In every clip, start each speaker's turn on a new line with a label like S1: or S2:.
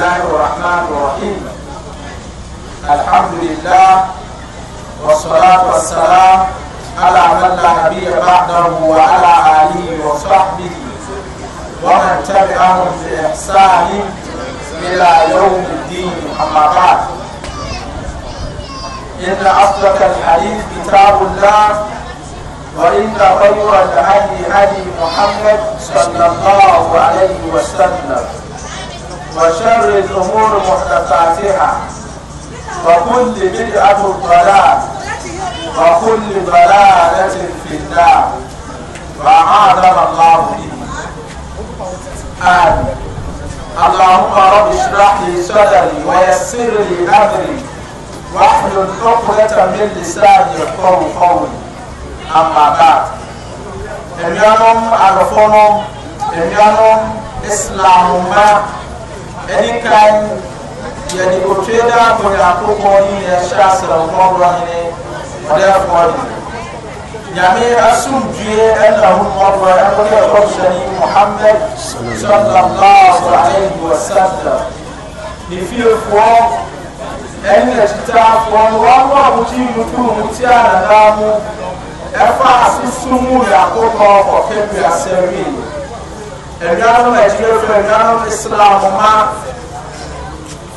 S1: الله الرحمن الرحيم الحمد لله والصلاة والسلام على من لا نبي بعده وعلى آله وصحبه ومن تبعهم بإحسان إلى يوم الدين أما بعد إن أصدق الحديث كتاب الله وإن خير الهدي هدي محمد صلى الله عليه وسلم وشر الأمور محدثاتها وكل بدعة ضلال وكل ضلالة في النار وعاد الله به آمين اللهم رب اشرح لي صدري ويسر لي أمري واحلل عقدة من لساني يفقهوا قولي أما بعد إميانهم ọlọ́run إميانهم إسلامهم anytime yɛde otweda bɔ nyankopɔn ne yɛhyɛ asrɛmfɔborɔ hene ɔdɛfoɔ ne nyame asomdue ɛna homɔborɔ ɛkɔyɛ kɔmhyɛne mohamad sallallahu alaihi wasallam ne fiefoɔ ɛne akyitaafoɔ no wɔmɔ a mogye mutuu mu ti ananaa mu ɛfa asesom mu nyankopɔn kɔpɛ duasɛ wie ɛnuanom akyirefo ɛnuanom islam ma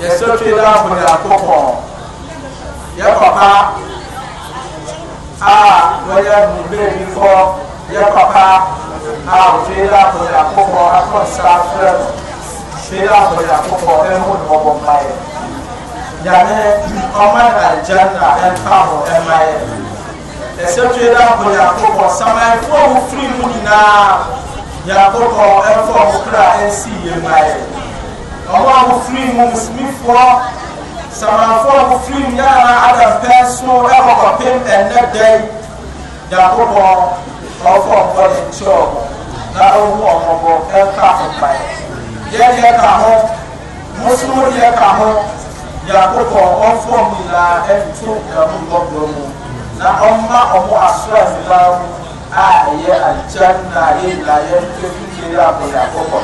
S1: yɛsɛ twe dɛ ahonyankopɔn yɛ papa a wɔyɛ muberenifoɔ yɛ papa a twe dɛ ahonyankopɔn akɔnsa frɛ no twe dɛ ahonyankopɔn ɛho ne ɔbɔ mma yɛ nyame ɔma nagyanna ɛmpa ho ɛma yɛ yɛsɛ twe dɛ ahonyankopɔn samanfoɔ ho firi mu nyinaa yɛakokɔ ɛmfa mo kra ɛnsii yɛ mmaeɛ ɔmo a mofiri mu musimifoɔ samanfoɔ a mofiri mu yɛana adam pɛ so ɛwɔ kɔpem ɛnnɛ dɛn yɛakokɔ ɔfɔ mpɔde nkyɛɛ ɔmo na ɔmo ɔmɔbɔ ɛka mpae yɛdeɛ ka ho mosomo deɛ ka ho yɛakokɔ ɔmfɔ mu nyinaa ɛnto ɛmo bɔbɔ mu na ɔmma ɔmo asorɔ mmaa mu ayɛ aljanna yɛnyina yɛntwɛfifie abɔdakɔkɔ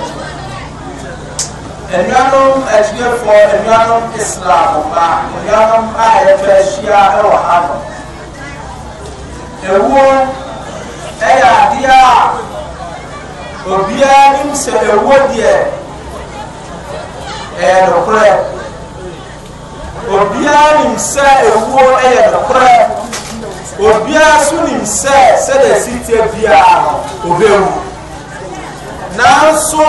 S1: anuanom adiefoɔ anuanom islam ma anuanom a yɛtwa ahyia wɔ ha no ɛwuo ɛyɛ adeɛ a obiara nim sɛ ɛwuo deɛ ɛyɛ nokorɛ obiara nim sɛ ɛwuo ɛyɛ nokorɛ obiara so nim sɛ sɛdeɛ sitia biara no obɛwu nanso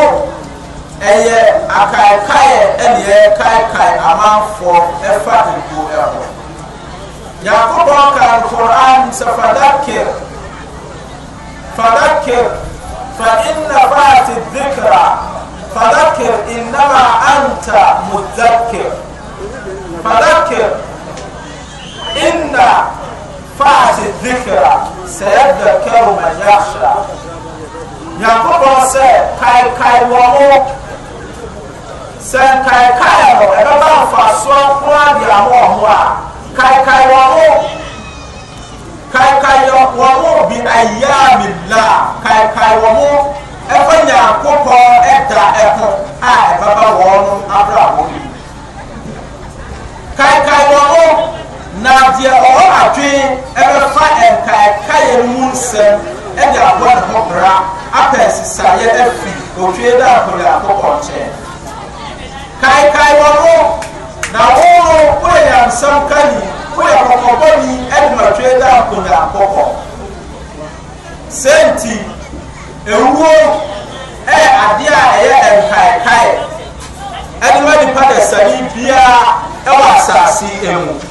S1: ɛyɛ akaekaeɛ ɛne ɛkaekae amanfoɔ ɛfa nkuo ɛho nyankopɔn kaa no koran sɛ fadakir fadakir fa inna baate dhikra fadakir innama anta mudhakir dhikra sayadhakkaru man yakhsha nyankopɔn sɛ kaekae wɔ mo sɛ nkaekae no ɛbɛba mfasoɔ ko ade ahoɔ ho a kaekae wɔ mo kaekae wɔ mo bi ayamila kaekae wɔ mo ɛfa nyankopɔn ɛda ɛho a ɛbɛba wɔn no abrabɔ bi kaekae wɔ mo na deɛ ɔwɔ adwene ɛbɛfa ɛka ɛka yɛn mu nsɛm ɛde abɔ ne ho bra apɛ sisaeɛ afi otwie da akɔre akɔkɔ nkyɛn kaekae wɔ no na wo no woyɛ nyansɛm ka ni woyɛ kɔkɔbɔni ɛde ma twie da akɔre akɔkɔ senti ewuo ɛyɛ e adeɛ a ɛyɛ e nkaekae ɛde ma nipa dɛsɛni biara ɛwɔ asaase emu.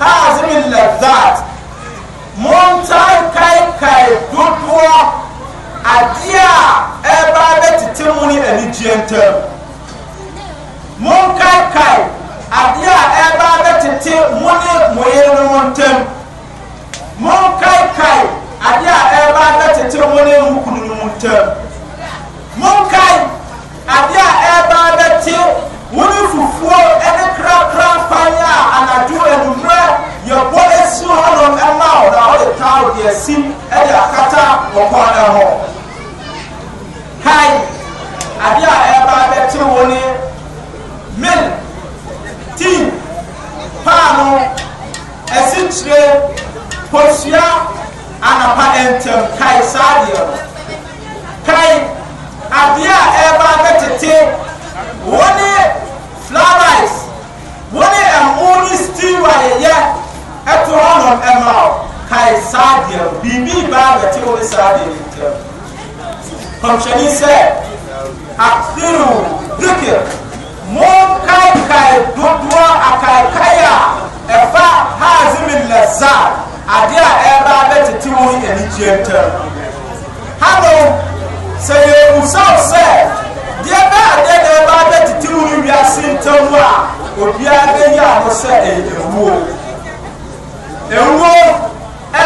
S1: hazimi lazat montan kaikae dodoɔ adeɛ a ɛba bɛtete mu ne anigyeɛ ntam monkaekae adeɛ a ɛba bɛtete mu ne mo yerenom ntam monkaekae adeɛ a ɛba bɛtete mu ne mo ntam monkae adeɛ a ɛba bɛte kyerɛ kosua anapa ntɛm kae saa deɛ no kae adeɛ a ɛreba abɛtete wɔne flowers wɔne ɛmo ne stew a yɛyɛ ɛto hɔnom ɛma wo kae saa deɛ no biribi baa bɛte wo ne saa deɛ no ntɛm kɔmhyɛni sɛ aktiru dikir mo do lɛza adeɛ a ɛba abɛtete wɔn anigyeɛ ntɛm hano sɛ yɛbusaw sɛ deɛ bɛ adeɛ na ɛba abɛtete wɔn wiase ntɛm a obiara bɛyi ano sɛ ɛyɛ ewuo ewuo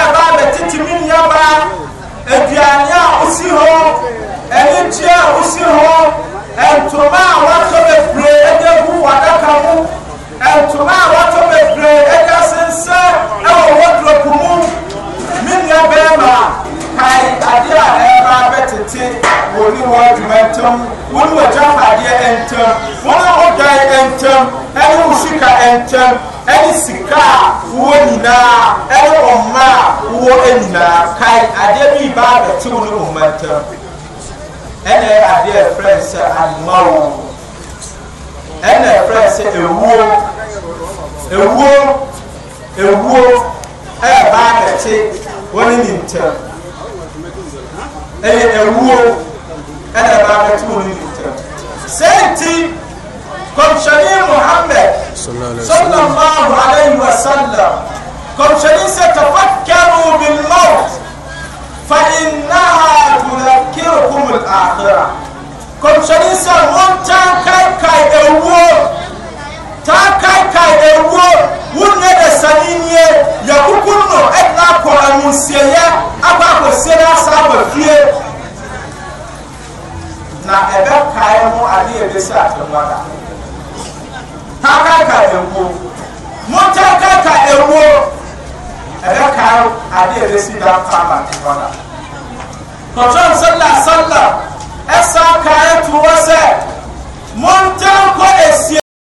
S1: ɛba abɛtete mi nneɛma aduane a osi hɔ anigyeɛ a osi hɔ ntoma a wɔatɔ bebree ɛdɛ gu ɛntɛm ɛne wo sika ɛntɛm ɛne sika a wowɔ nyinaa ɛne ɔma a wowɔ anyinaa kae adeɛ bi ba abɛtew ne ɔma ntɛm ɛna ɛyɛ adeɛ ɛfrɛ sɛ animawo ɛna ɛfrɛ sɛ ewuo ewuo ewuo ɛyɛ ba abɛte wɔne ne ntɛm ɛyɛ ewuo ɛna ɛba abɛtew ne ne ntɛm sɛnti sallallahu alayhi wa sallam comme je dis c'est tafakkaru bil maut fa innaha tudhakkirukum al akhirah comme je dis c'est montant kai kai ewo ta kai kai ewo wunne da saniniye ya kukunno ina ko amusiye aba ko sera saba fie na ebe kai mu ade ebe sa atwada ɛwo mota kaka ɛwo ɛyɛ kaa ade a ɛsi da paama te hɔ na kɔtɔn sɛlɛ sɛlɛ ɛsa kaa ɛto hɔ sɛ mota kɔ esi